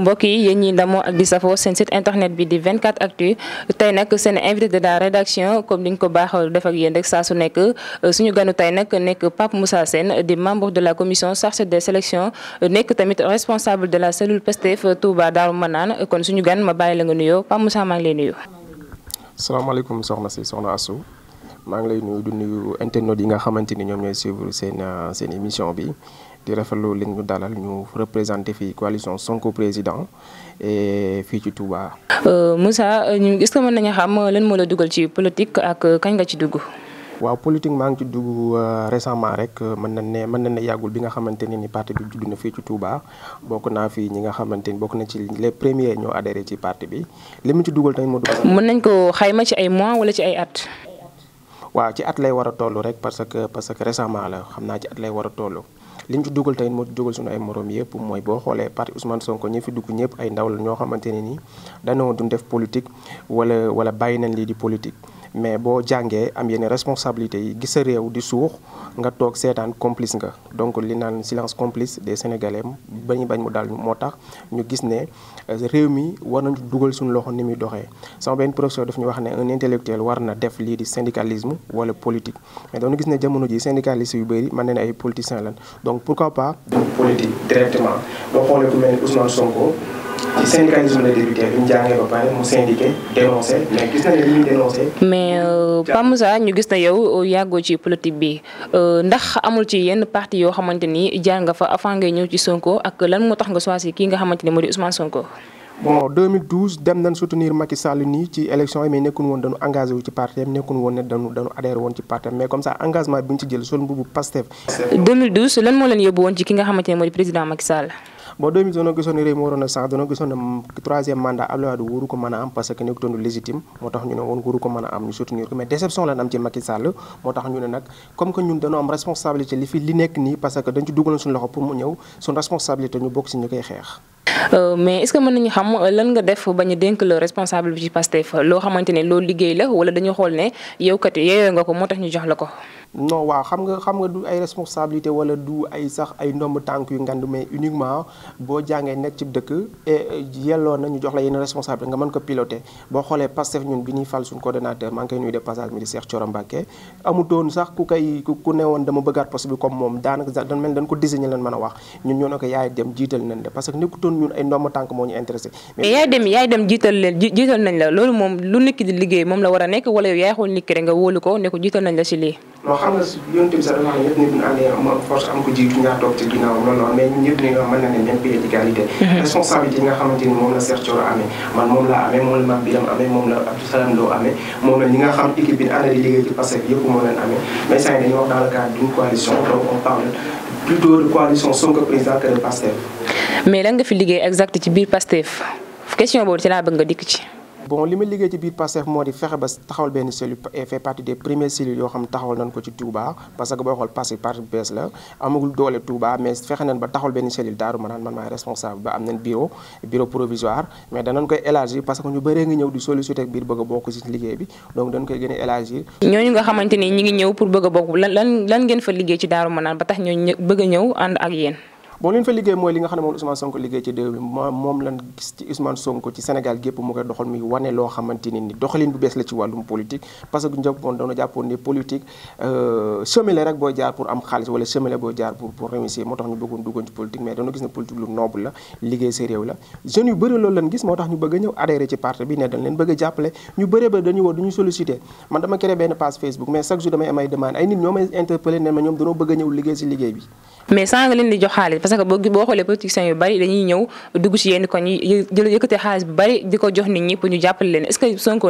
mbokk yi yéen ñi ndamoo ak di safoo seen site internet bi di 24 actu tey nag seen invité de la rédaction comme ni ñu ko baaxoo def ak yéen rek saa su nekk suñu ganu tey nag nekk Pape Moussa Sène di membre de la commission chargée de sélections nekk tamit responsable de la cellule Pastef Touba Daaru Manaan kon suñu gan ma bàyyi la nga nuyoo Pape Moussa maa ngi lay nuyu. salaamaaleykum soxna si soxna Assou maa ngi lay nuyu du nuyu internautes yi nga xamante ni ñoom ñooy suivre seen seen émission bi. di rafetlu li ñu dalal ñu représenté fii coalition Sonko président et fii ci Touba. Euh, Moussa euh, est ce que mën nañu xam euh, leen moo la dugal ci politique ak kañ nga ci dugg. waaw politique maa ngi ci dugg récemment rek mën na ne mën na ne yàggul bi nga xamante ne ni parti bi judd na fii ci Touba bokk naa fii ñi nga xamante ni bokk na ci les premiers ñoo adhéré ci parti bi li mu ci dugal tamit moo mën nañ ko xayma ci ay mois wala ci ay at. waaw ci at lay war a toll rek parce que parce que récemment la xam naa ci at lay war a toll. li ñu ci dugal tamit moo ci dugal suñu ay morom yëpp mooy boo xoolee parti Ousmane Sonko ñi fi dugg ñëpp ay ndaw la ñoo xamante ne nii dañoo duñ def politique wala wala bàyyi nañ lii di politique mais boo jàngee am yenn responsabilité yi gis sa réew di suux nga toog seetaan complice nga donc li naan silence complice des sénégalais bañ bañ mu daal moo tax ñu gis ne euh, réew mi war nañu dugal suñu loxo ni muy doxee sama benn professeur daf ñu wax ne un intellectuel war na def lii di syndicalisme wala politique mais gis ne jamono ji syndicaliste yu bëri mën nañ ay politiciens lan donc pourquoi pas. politique directement boo xoolee ku mel ni Ousmane Sonko. ci syndicalisme la débuté bi ñu jàngee ba pare mu syndiqué dénoncé mais gis euh, ñu gis na yow euh, yàggoo ci politique bi euh, ndax amul ci yenn parti yoo xamante ni jaar nga fa avant ngay ñëw ci Sonko ak lan moo tax nga choisir kii nga xamante ni moo di Ousmane Sonko. bon dem nañ soutenir Macky Sall nii ci élection mais nekkul woon dañu engagé wu ci parti am woon ne dañu dañu woon ci parti mais comme ça engagement bi ñu ci jël sol mbubu Pastef. 2012 lan moo leen moo boo 2000 danoo gisoon ne réew a sax danoo gisoon ne troisième mandat Abdoulaye Wade wóoru ko mën a am parce que nekkutoon lu légitime moo tax ñu ne woon wóoru ko mën a am ñu soutenir ko mais déception lan am ci Macky Sall moo tax ñu ne nag parce que dañ ci ñu koy xeex euh, mais est-ce que mën nañu xam euh, lan nga def bañ a la responsable bi ci Pastef loo xamante ne loolu liggéey la wala dañu xool ne yow kat yeeyoo nga ko moo tax ñu jox la ko non waaw xam nga xam nga du ay responsabilité wala du ay sax ay ndomb tànk yu ngand mais uniquement boo jàngee nekk ci dëkk yelloo jox la yenn responsable boo xoolee Pastef ñun bi ñuy fal suñu coordonnateur maa ngi koy nuyu de passage mi comme moom daanaka dañ mel dañ ko désigné leen mën a wax ñun ñoo ne ko yaay dem jiital nañ la parce que loolu moom lu nit liggéey moom la war a nekk wala yaay xool nit rek nga wóolu ko ne jiital nañ la si lii xam nga yonent bi sax dafa xam ne ñëpp nit ñu àndee force am ko jiitu ci ginnaawam mais ñun ñëpp ni nga mën na ne même pied d'égalité mhm. responsabilité yi nga xamante ni moom la Cheikh Thioro amee man moom la amee moom la Mame Biram amee amee moom la ñi nga xam équipe bi ànd di liggéey ci Pastef yëpp moo leen amee mais saa yi dañuy wax d'une coalition donc on parle question boobu ci laa bëgg nga dikk ci bon li ma liggéey ci biir Pastef moo di fexe ba taxawal benn cellule et fait partie des premières cellules yoo xam taxawal nañ ko ci Touba parce que boo xool Pastef bees la amagul doole Touba mais fexe nañ ba taxawal benn cellule Daaru Manaan man maay responsable ba am nañ bureau bureau provisoire mais danañ koy élargir parce que ñu bëree ngi ñëw di solliciter biir bëgg a bokk ci liggéey bi donc dañ koy gën a élargir ñooñu nga xamante ni ñi ngi ñëw pour bëgg a lan lan lan ngeen fa liggéey ci Daaru Manaan ba tax ñooñu bëgg a yéen bon li ñu fa liggéey mooy li nga xam ne moom Ousmane Sonko ci réew gépp mu koy doxal muy wane loo xamante ne ni doxalin bu bees la ci wàllum politique parce que njëkkoon doona euh, jaar pour am xaalis wala chemin la jaar pour réew la moo tax ñu bëgg a ñëw adhéré ci parti bi ne dañ leen bëgg a jàppale ñu bëri ba dañuy woo dañuy sollicité man dama créé benn page Facebook mais chaque jour damay am ay ay nit ñoo may interpellé ne ma ñoom dañoo bëgg ñëw liggéey si liggéey bi mais sans nga leen di jox xaalis parce que boo boo xoolee politiciens yu bari dañuy ñëw dugg ci yenn koñ yi jël yëkkatee xaalis bu bari di jox nit ñi pour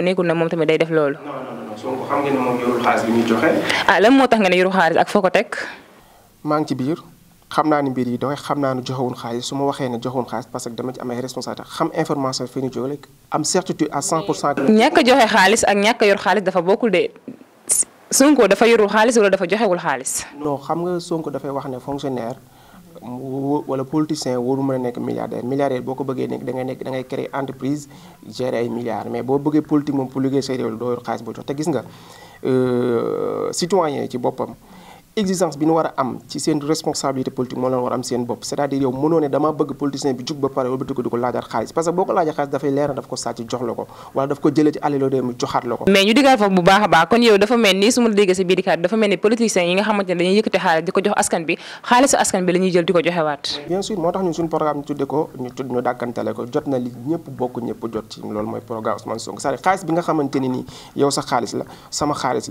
nekkul na moom tamit day def loolu. ne moom yorul xaalis bi ñuy joxe. ah lan moo tax nga ne yorul xaalis ak foo ko teg. maa ci biir xam naa ni mbir yi doy xam naa ni joxewul xaalis su ma waxee ne joxewul xaalis parce que dama ci am ay responsabilité xam information fi ñu à 100 pour ñàkk joxe xaalis ak ñàkk yor xaalis dafa bokkul de Sonko dafa yorul xaalis wala dafa joxewul xaalis. non xam nga Sonko dafay wax ne fonctionnaire mu wala politicien waru mën a nekk milliardaire milliardaire boo ko bëggee nekk dangay nekk da ngay créer entreprise gérer ay milliards mais boo bëggee politique moom pour liggéey say réew doo yor xaalis boo jox te gis nga euh, citoyen ci boppam. exigence bi ñu war a am ci seen responsabilité politique moo leen war am seen bopp c'est-à-dire yow mënoo ne bëgg politicien bi jug ba pare wala ko di ko laajaat xaalis parce que boo ko laajaat xaalis la di ko jox askan bi xaalisu askan bi la jël di ko joxewaat bien sûr moo tax ñun suñu programme ñu ko ñu tudd ko jot na li bokk ñëpp jot ci loolu mooy programme Ousmane Sonko c'est-à-dire xaalis bi nga xamante nii yow sa xaalis la sama xaalis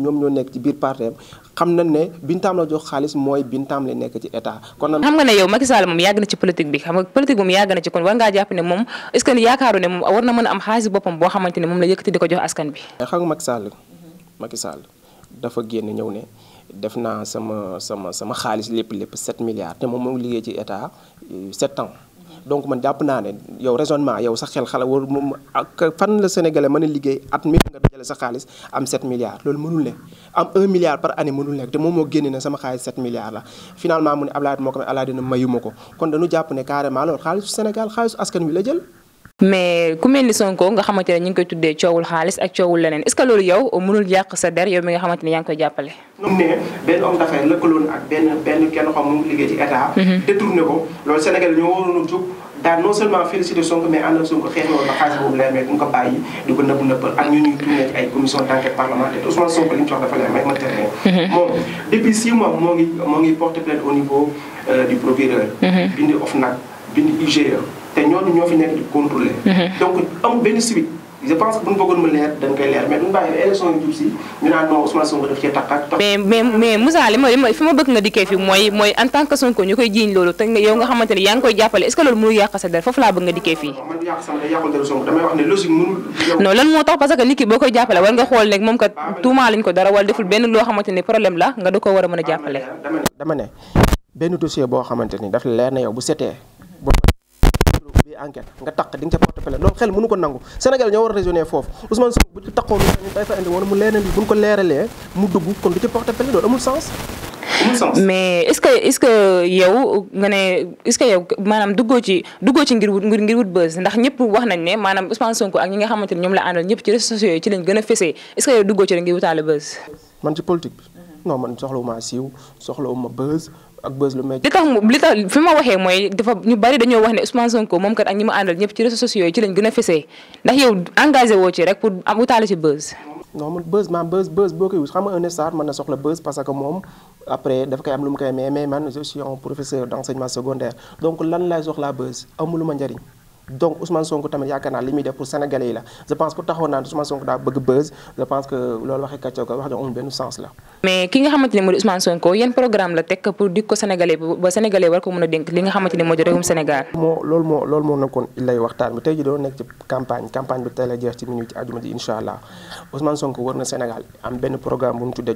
ñoom ñoo nekk ci biir parteem xam na ne Bintam la jox xaalis mooy Bintam la nekk ci état kon nag xam nga ne yow Macky Sall moom yàgg na ci politique bi xam nga politique moom yàgg na ci kon war ngaa jàpp ne moom est-ce que yaakaaru ne moom war na mën a am xaalis boppam boo xamante ne moom la yëkkati di ko jox askan bi eh, xam nga Macky Sall dafa génn ñëw ne def naa sama sama sama xaalis lépp lépp 7 milliards te moom moom ngi ci état 7 ans donc man jàpp naa ne yow raisonnement yow sa xel xala war ak fan la sénégalais mën liggéey at mi nga dajale sa xaalis am 7 milliards loolu mënul ne am 1 milliard par année mënul nekk te moom moo génne na sama xaalis 7 milliards la finalement mu ne Ablaye moo ko ne Alaa ko kon dañu jàpp ne carrément loolu xaalisu Sénégal xaalisu askan wi la jël mais ku mel ni Sonko nga xamante ne ñu ngi koy tuddee coowul xaalis ak coowul leneen est-ce que loolu yow mënul yàq sa der yow mi nga xamante yaa ngi koy jàppale. ñoom ne benn homme d'affaires lëkkaloon mm-hmm. ko loolu Sénégal ñoo waroon a jug daal non seulement félicité Sonko mais ànd ay commission d'enquête parlementaire Ousmane Sonko li mu dafa lay may ma terminer. Mm-hmm. moom depuis 6 mois moo ngi moo ngi au niveau euh, du procureur. Mm-hmm. bind OFNAC bind IGE te ñooñu ñoo fi nekk di contrôler mhm. donc am mais mais mais li ma li ma fi ma bëgg nga dikkee fi mooy mooy en tant que Sonko ñu koy jiiñ loolu te yow nga xamante ne yaa ngi koy jàppale est ce que loolu mënul yàq sa der foofu laa bëgg nga wax ne logique mënul non lan moo tax parce que nit ki boo koy jàppale war nga xool ne moom kat tuumaa lañ ko dara wala deful benn loo xamante problème la nga da ko war a mën a jàppale dama ne benn dossier boo xamante ni daf leer na yow bu setee enquête nga taq di nga ca porte plainte loolu xel mënu ko nangu Sénégal ñoo war a raisonner foofu Ousmane Sonko bu ci taqoon ñu mu dugg kon du ci porte plainte loolu amul sens mais est-ce que est nga ne est-ce maanaam duggoo ci ñëpp wax nañ ne maanaam Ousmane Sonko ak ñi nga xamante ne ñoom la àndal ñëpp ci réseaux yi ci lañ gën a fesee est-ce que yow duggoo ci rek ngir wutaale buzz ak buzz lu mel. li tax li tax fi ma waxee mooy dafa ñu bari dañoo wax ne Ousmane Sonko moom kat ak ñi ma àndal ñëpp ci réseaux sociaux yi ci lañ gën a fesee ndax yow engagé woo ci rek pour am utaale ci buzz. non man buzz maam boo koy xam nga un star mën na soxla buzz parce que moom après dafa koy am lu mu koy mais mais man je suis un professeur d' enseignement secondaire donc lan laay soxlaa buzz amuluma njariñ donc Ousmane Sonko tamit yaakaar naa li muy def pour sénégalais la naa ne Ousmane Sonko daa bëgg buzz je pense que loolu waxee kàccoo ko wax ne moo di Ousmane Sonko yan programme la teg pour dik ko sénégalais ba a dénk li nga xamante ne moo di réewum Sénégal. moo loolu moo loolu a jeex ci minute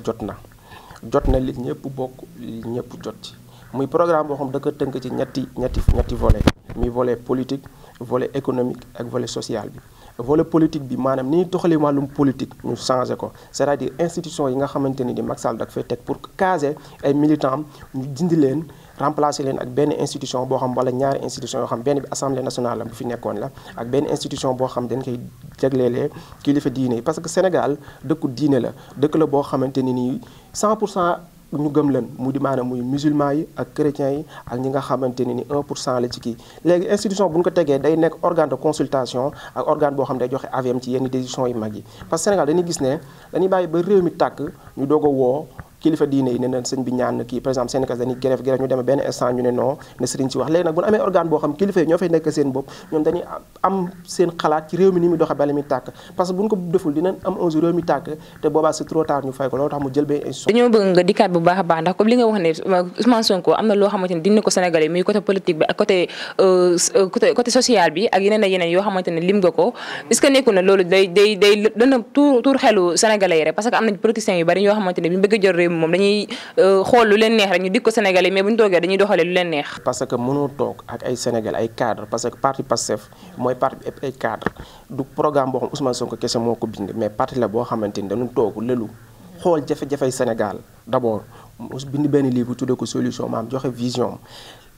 jot na jot na li ñëpp bokk li ñëpp jot ci muy programme boo xam da ko tënk ci ñetti ñetti ñetti volet muy volet politique volet économique ak volet social bi volet politique bi maanaam ni ñuy doxalee wàllum politique ñu changé ko c'est-à-dire institution yi nga xamante ni di Macky Sall dak teg pour caser ay militants ñu dindi leen remplacé leen ak benn institution boo xam wala ñaari institution yoo xam benn bi assemblée nationale la bu fi nekkoon la ak benn institution boo xam dañ koy jagleelee kilifa diine yi parce que Sénégal dëkku diine la dëkk la boo xamante ni nii 100 pour cent ñu gëm leen mu di maanaam muy musulman yi ak chrétiens yi ak ñi nga xamante ne ni 1 pour cent la ci kii léegi institution bu ñu ko tegee day nekk organe de consultation ak organe boo xam ne day joxe avis am ci yenn décision yu mag yi parce que Sénégal dañuy gis ne dañuy bàyyi ba réew mi tàkk ñu doog woo kilifa diine yi ne na sëñ bi ñaan kii par exemple Sénégal dañuy grève grève ñu demee benn instant ñu ne non seen ci wax ne Ousmane Sonko am na loo xamante ne dina ko Sénégalais muy côté politique bi ak côté euh, côté bi ak yeneen yeneen yoo xamante ne lim nga ko est que nekkul na loolu day day day dana tuur xelu Sénégalais yi rek parce que am nañ politiciens yu bari yoo xamante ne bi ñu bëgg jël réew moom dañuy euh, xool lu leen neex rek ñu dik ko sénégalais mais bu ñu toogee dañuy doxalee lu leen neex. parce que mënoo toog ak ay Sénégal ay cadre parce que parti Pastef mooy parti ay cadre du programme boo xam Ousmane Sonko kese moo ko bind mais parti la boo xamante ni dañu toog lëlu xool jafe-jafey Sénégal d'abord bind benn lii bu tuddee ko solution maam joxe vision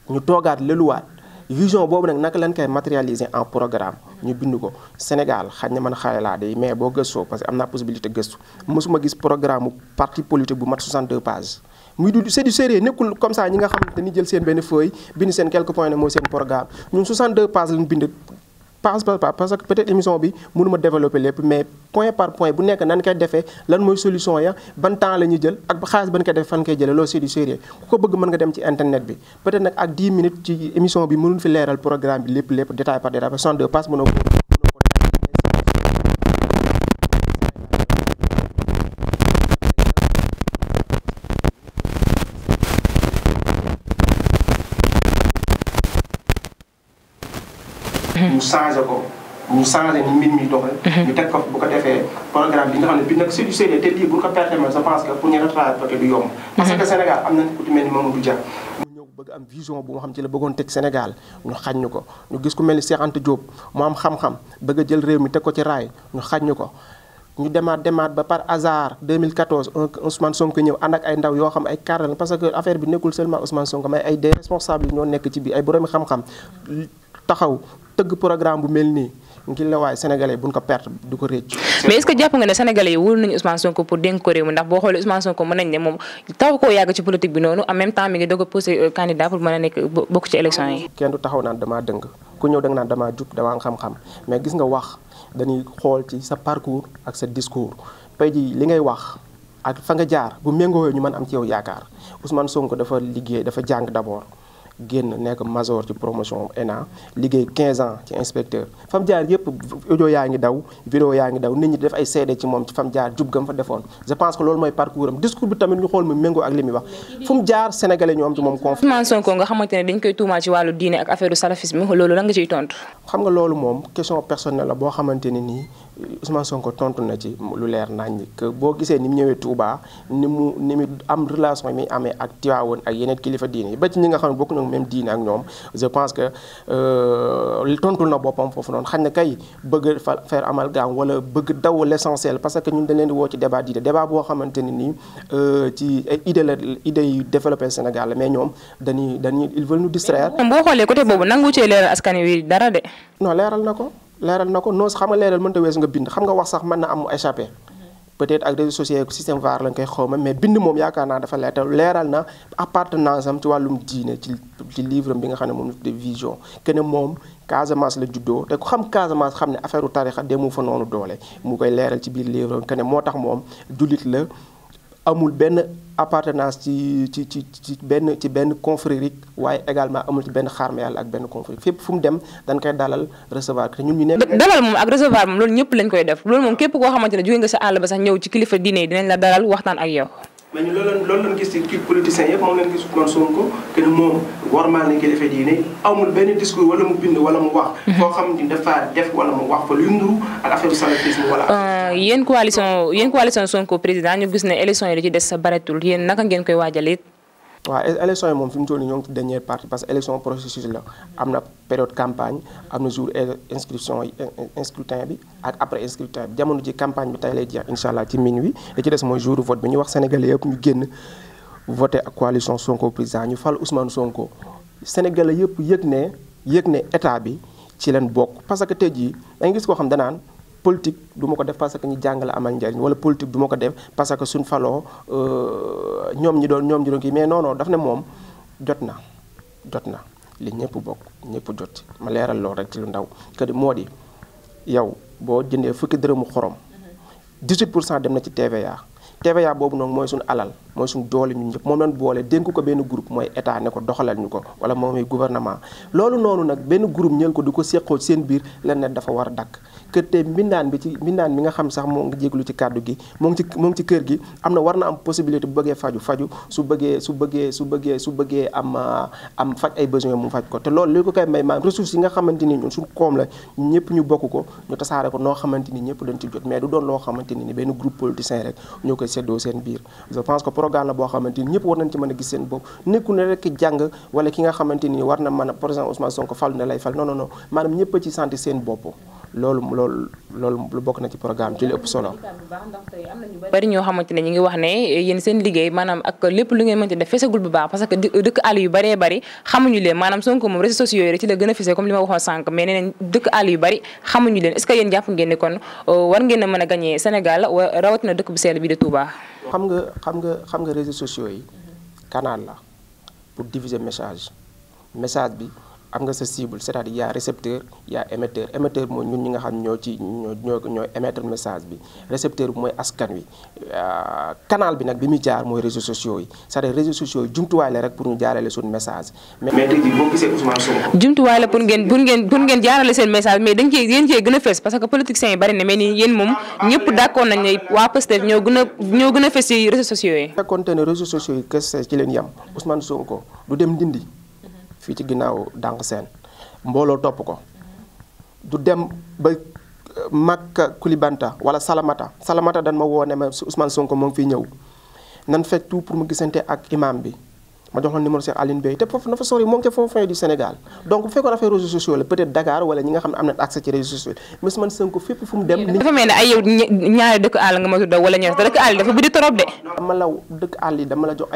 ñu toogaat lëluwaat. vision boobu nag naka lañ koy matérialiser en programme ñu bind ko Sénégal xaj na man xaale laa mais boo gëstoo parce que am naa possibilité gëstu su ma gis programme parti politique bu mat 62 pages muy du c'est du sérieux nekkul comme ça ñi nga xam dañuy jël seen benn feuille bind seen quelques points ne mooy seen programme ñun 62 pages lañ bind passe par passe parce que peut-être émission bi mënuma développer lépp mais point par point bu nekk nan koy defee lan mooy solution ya ban temps jël ak xaalis ban koy def fan koy jëlee loolu c'est du ku ko bëgg mën nga dem ci internet bi peut nag ak 10 minutes ci émission bi mënul fi leeral programme bi lépp lépp détail par détail 62 passe mën a ñu changé ko ñu changé ni mbir mi doxee. Mhm. ñu teg ko bu ko defee programme bi nga xam ne bi nag c'est du sérieux te lii bu ko perte man je pense que pour ñu rattraper peut-être mhm. parce que Sénégal am na ku ci mel ni Mamadou Dia. bëgg am vision bu nga xam ci la bëggoon teg Sénégal ñu xañ ñu ko ñu gis ku mel ni Cheikh Anta Diop mu xam-xam bëgg a jël réew ko ci raay ñu xañ ñu ko ñu demaat demaat ba par hasard 2014 un Ousmane Sonko ñëw ànd ak ay ndaw yoo xam ay cadre parce que affaire bi nekkul seulement Ousmane Sonko mais nekk ci biir ay boroomi xam-xam taxaw tëgg programme bu mel nii ngi la waay sénégalais buñ ko perte du ko réccu mais est-ce que jàpp nga ne sénégalais yi wóolu nañu Ousmane Sonko pour dénk ko réew mi ndax boo xoolee Ousmane Sonko mën nañ ne moom taw koo yàgg ci politique bi noonu en même temps mi ngi doog a posé euh, candidat pour mën a nekk bokk ci élection yi kenn du taxaw naan damaa dëng ku ñëw da nga naan damaa jub damaa xam-xam mais gis nga wax dañuy xool ci sa parcours ak sa discours tey jii li ngay wax ak fa nga jaar bu méngooyoo ñu mën am ci yow yaakaar Ousmane Sonko dafa liggéey dafa jàng d'abord génn nekk major ci promotion ENA liggéey 15 ans ci inspecteur fam jaar yëpp audio yaa ngi daw vidéo yaa ngi daw nit ñi def ay seede ci moom ci fam jaar jub gam fa defoon je pense que loolu mooy parcours discours bi tamit ñu xool mu méngoo ak li muy wax jaar sénégalais ñoo ci moom confiance Ousmane Sonko nga xamante ne dañ koy tuumaa ci wàllu diine ak affaire u salafisme loolu lan nga tontu. xam nga loolu moom question personnelle la boo xamante ne nii Ousmane Sonko tontu na ci lu leer naa ni que boo gisee ni mu ñëwee Touba ni mu ni mu am relation mi amee ak Tiwaawoon ak yeneen kilifa diine yi ba ci ñi nga xam ne bokk na même diine ak ñoom je pense que euh, tontul na boppam foofu noonu xañ na kay bëgg fa faire amalgame wala bëgg daw l'essentiel parce que ñun dañ leen di woo ci débat diine débat boo xamante ne nii euh, ci ay idée développé Sénégal mais ñoom dañuy dañuy ils veulent nous distraire. boo xoolee côté boobu nangu cee leeral askan wi dara de. non leeral na ko. leeral na ko non xam nga leeral mënta weesu nga bind xam nga wax sax man na am échappé peut-être ak réseaux sociaux système VAR lañ koy xawma mais bind moom yaakaar naa dafa leeral na appartenance am ci wàllum diine ci ci livre bi nga xam ne moom de vision que ne moom Casamance la juddoo te ku xam Casamance xam ne affaire u tarixa demu fa noonu doole mu koy leeral ci biir livre que moo tax moom jullit la amul benn appartenance ci ci ci ci benn ci benn confrérie waaye également amul ci benn xaar ma yàlla ak benn confrérie fépp fu mu dem dañ koy dalal recevoir te ñun ñu nekk. dalal moom ak recevoir moom loolu ñëpp lañ koy def loolu moom képp koo xamante ne jóge nga sa àll ba sax ñëw ci kilifa diine yi dinañ la dalal waxtaan ak yow. mais ñu loolu loolu lañ gis ci kii politiciens yëpp moom leen gis Ousmane Sonko que ni moom warmaal na kilifa diine amul benn discours wala mu bind wala mu wax. foo mhm. xam ni dafa def wala mu wax fa luy nduru ak affaire salafisme wala. Euh, yéen coalition yéen coalition Sonko président ñu gis ne élection yi da ci des sa baritul yéen naka ngeen koy waajalee. waaw élection yi moom fi mu toll nii ñoo ngi ci dernière partie parce que élection processus la am na période campagne am na jour inscription yi inscrutin bi ak après scrutin bi jamono ji campagne bi tey lay jeex incha ci minuit li ci des mooy jour vote bi ñu wax sénégalais yëpp ñu génn voté ak coalition Sonko président ñu fal Ousmane Sonko sénégalais yëpp yëg ne yëg ne état bi ci leen bokk parce que tey jii da gis koo xam danaan politique du ma ko def parce que ñu jàng la amal njariñ wala politique du ko def parce que suñ faloo euh, ñoom ñi doon ñoom ñi doon kii mais non non daf ne moom jot na jot na li ñëpp bokk ñëpp jot ma leeral loolu rek ci lu ndaw que moo di yow boo jëndee fukki dërëmu xorom 18 pour cent dem na ci TVA TVA boobu noonu mooy suñu alal. mooy suñu doole ñun ñëpp moom lañ boole dénk ko benn groupe mooy état ne ko doxalal ñu ko wala moom mooy gouvernement loolu noonu nag benn groupe ñël ko di ko séqoo seen biir dafa war a dakk que te mbindaan bi ci mbindaan mi nga xam sax moo ngi jéglu ci kàddu gi moo ngi moo ngi kër gi am na war na am possibilité bu bëggee faju faju su bëggee su bëggee su bëggee su bëggee am uh, am faj ay besoin mu faj ko te loolu li koy may maanaam ressources yi nga xamante ni ñun suñu koom la ñëpp ñu bokk ko ñu tasaare ko noo xamante ni ñëpp dañ ci jot mais du doon loo xamante ni benn groupe politicien rek ñoo koy seddoo seen biir je pense que programme bari ñoo xamante ne ñu ngi wax ne yéen seen liggéey maanaam ak lépp lu ngeen mënti def fesagul bu baax parce que dëkk àll yu bari xamuñu leen maanaam Sonko moom réseaux sociaux yi ci la gën a fese comme li ma waxoon sànq mais nee nañ dëkk àll yu bari xamuñu leen est-ce que yéen jàpp ngeen kon euh, war ngeen mën a gagner Sénégal rawatina dëkk bu sell bi de Touba. xam nga xam nga xam nga réseaux sociaux yi canal la pour diffuser message message bi am nga sa cible c'est-à-dire y récepteur y a émetteur mooy ñun ñi nga xam ñoo ci ñoo ñoo message bi récepteur bi mooy askan wi euh, canal bi nag bi muy jaar mooy réseaux sociaux yi c'est-à-dire réseaux sociaux yi jumtuwaay la rek pour ngeen jaarale seen message mais dañ cee yéen a fees parce que politiciens yi bari na nii yéen moom ñëpp d'accord nañ waa Pastef ñoo gën a ñoo gën a fees ci réseaux sociaux yi. bu fekkoonte ne réseaux sociaux yi kese ci leen fii ci ginnaaw dànq seen mbooloo topp ko du dem ba euh, Makka Kulibanta wala Salamata Salamata dan ma woo ne ma Ousmane Sonko moo ngi fiy ñëw nan fekk tout pour mu gisante ak imam bi ma jox la numéro Cheikh Aline Bey te foofu na fa sori moo ngi ca fond fin du Sénégal donc bu fekkoon affaire sociaux la peut-être Dakar ñi nga xam ne am na accès ci réseaux sociaux mais man Sonko fépp fu mu dem ay yow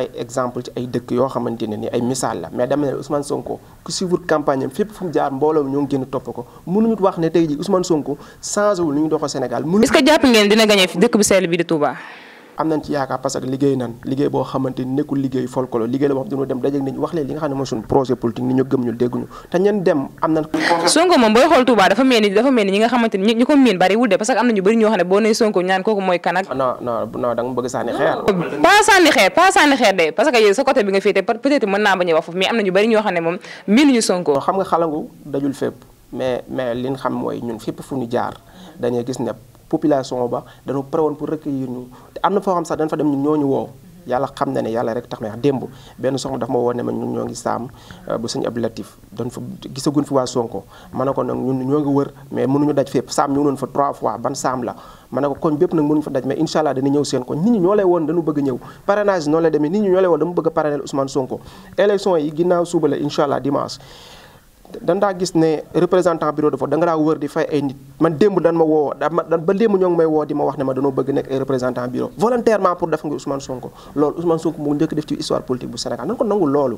ay exemple Sonko ku suivre campagne am fépp a topp Sénégal est-ce que jàpp ngeen dina gagné dëkk bu sell bi di Touba am nañ ci yaakaar parce que liggéey nan liggéey boo xamante ni nekkul liggéey folklore liggéey la boo xam ne dem dajeeg nit ñi wax leen li nga xam ne mooy suñu projet politique ni ñu gëm ñu dégguñu te ñen dem am nañ Sonko moom booy xool Touba dafa mel ni dafa mel ni ñi nga xamante ni ñi ko miin bari wul de parce que am na ñu bëri ñoo xam ne boo nee Sonko ñaan kooku mooy kan ak ah, non non non da nga bëgg sànni xeer pas sànni xeer pas sànni xeer de parce que yow sa côté bi nga féete peut-être mën naa bañ a wax foofu mais am na ñu bëri ñoo xam ne moom miinuñu Sonko xam nga xalangu dajul fépp mais mais liñ xam mooy ñun fépp fu ñu jaar dañuy gis ne population ba dañu pare woon pour recueillir ñu te am na foo xam sax dañ fa dem yàlla xam na ne yàlla rek tax na démb benn soxna dafa ma woon ngi saam euh, bu sëñ Abdou Latif dañ fa gisaguñ fi waa Sonko ma ne ko nag ñun ñoo ngi wër mais mënuñu daj fépp saam ñëw noonu fa trois fois ban saam la ma ne ko koñ nit ñi ñoo lay woon dañu bëgg ñëw parrainage noo lay demee nit ñi ñoo lay woon dama bëgg a parrainel Ousmane Sonko élection yi ginnaaw suba la dimanche dan gis ne représentant bureau de vote da wër di fay ay ma woo ba démb ñoo ngi may woo ma wax ne ma danoo bëgg nekk ay représentant bureau volontairement pour def nga Ousmane Sonko loolu Ousmane Sonko mu ko nangul loolu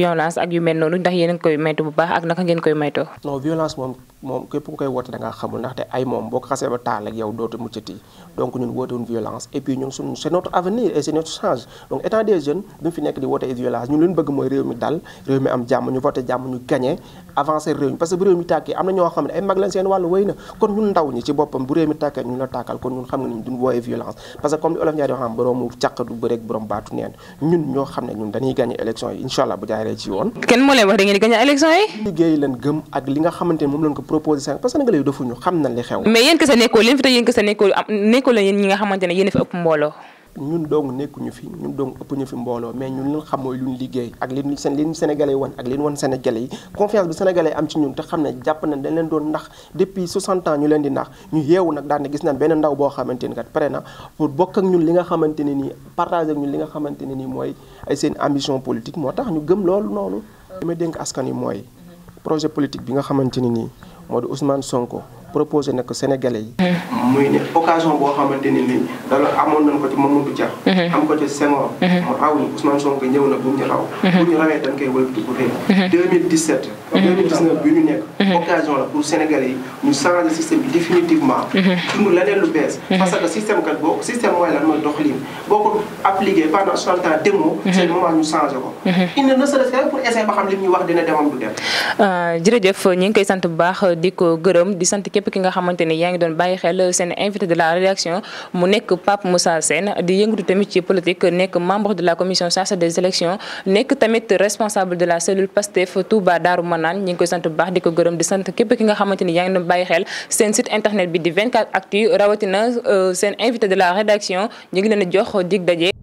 violence ak noonu ndax yéen koy maytu bu baax ak naka ngeen koy maytoo non violence moom moom képp koy woote da xamul ndaxte ay moom boo ko xasee ba taal ak yow dootu muccati donc ñun wootewuñ violence et puis ñun suñ c'est notre mooy réew mi dal réew mi am jàmm ñu voté jàmm ñu gagné avancé réew mi parce que bu réew mi tàkkee am na ñoo xam ne ñun ndaw ñi ah, élection yi incha allah bu jaaree ci yoon kenn moo leen wax da ngeen di gagné élection yi liggéey leen gëm ak li nga xamante ne moom lañ ko proposé parce que nga lay defuñu xam nañ li xew mais yéen kese nekkoo leen fi te yéen kese nekkoo nekkoo la ñi nga xamante ne yéen fi ëpp mbooloo ñun dong ñu fi ñun dong ëpp ñu fi mbooloo mais ñun luñ xam mooy luñ liggéey ak li ñu seen li ñu sénégalais yi wan ak li ñu wan sénégalais yi confiance bi sénégalais am ci ñun te xam ne jàpp nañ dañ leen ndax depuis 60 ans ñu leen di ndax ñu yeewu nag daan ne gis nañ benn ndaw boo xamante ni kat pare na pour bokk ñun li nga xamante ne nii partager ak ñun li nga xamante ne nii mooy ay seen ambition politique moo tax ñu gëm loolu noonu li may dénk askan yi mooy projet politique bi nga xamante ne nii moo di Ousmane Sonko proposé na ko Sénégalais yi. Mm-hmm. muy ne occasion boo xamante ne nii dala amoon nañ ko ci Mamadou Dia. Mm-hmm. am ko ci Senghor. Mm-hmm. mu raw ñu Ousmane Sonko ñëw na bu ñu raw. bu ñu rawee dañ koy wëlbati bu dee. 2017. 2019 bi ñu nekk. occasion la pour Sénégalais yi ñu changer système bi définitivement. dund leneen lu bees. parce que système kat boo système mooy lan mooy doxalin boo ko appliqué pendant soixante ans demoo. c'est moment ñu changé ko. il ne serait-ce pour essayer ba xam li wax dina demam du dem. Euh, jërëjëf ñu ngi koy sant bu baax di ko gërëm di sant képp. képp ki nga xamante yaa ngi doon bàyyi xel seen invité de la rédaction mu nekk Pape Moussa Sène di yëngatu tamit ci politique nekk membre de la commission chargée des élections nekk tamit responsable de la cellule PASTEF Touba Darou Manane ñi koy sant baax di ko gërëm di sant képp ki nga xamante yaa ngi doon bàyyi xel seen site internet bi di 24 actu rawatina euh, seen invité de la rédaction ñu ngi leen jox dig daje